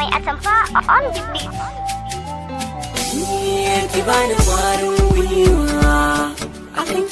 may asampa on the beach. Aking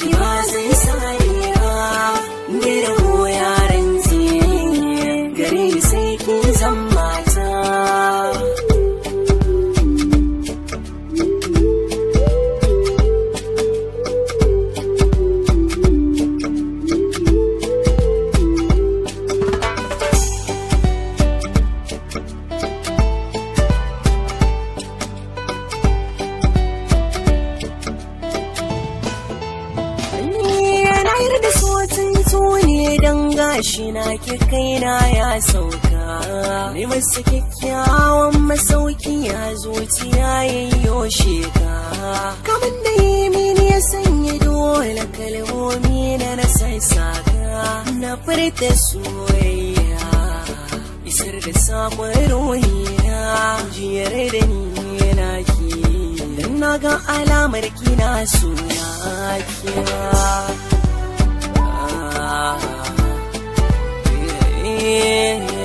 gashi na kaina ya sauka ni masa kyakkyawan masauki ya zuciya yayyo sheka kamar da mini ya sanya dole kalmomi na na sassaka na furta soyayya isar da samun ruhiya jiyar da ni yana ke. dan na ga alamar kina suna kiya Ah 夜。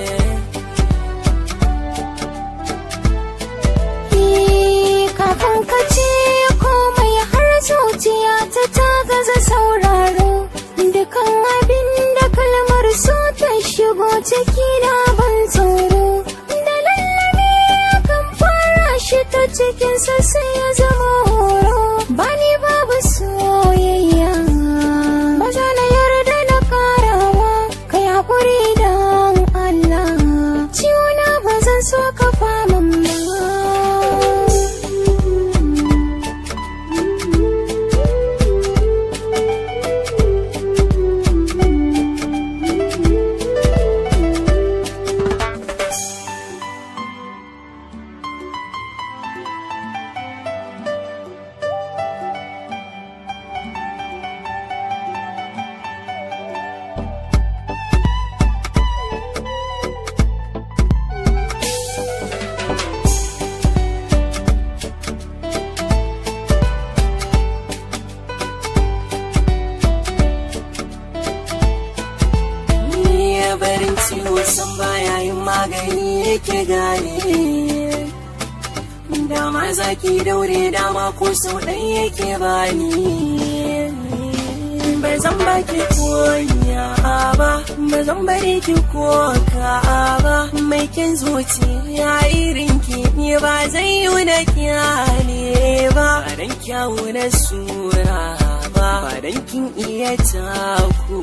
san baya yin magani yake gane dama zaki daure dama ko sau ɗan yake bani ba zan baki koya ba ba zan bari ki koka ba mai kin zuciya irin ki ne ba zan yi na kyale ba ba dan kyawu sura ba ba dan kin iya taku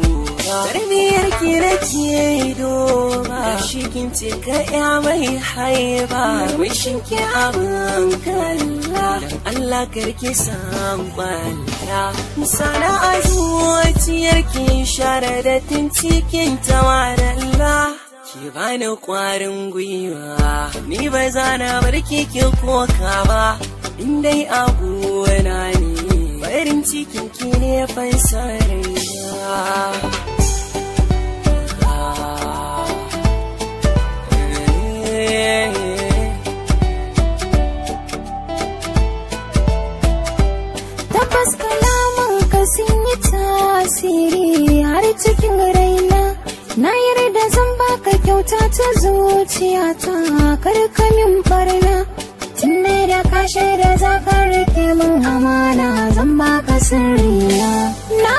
Tarmiyar ki na ke doba, shi kin ce ka ya mai haiba, wishin ki abin kalla, Allah karki san kwalla. Musana a zuwaciyar ki share da cikin tawadalla. Ki bani kwarin gwiwa, ni ba zana bar ki koka ba, in dai a na ne, farin cikin ki ne fansa raina. kalaman ka sun yi tasiri har cikin raina na yarda zan baka kyauta ta zuciyata kar ka min barna tunne da kashe da zaka rike min amana zan baka sirriya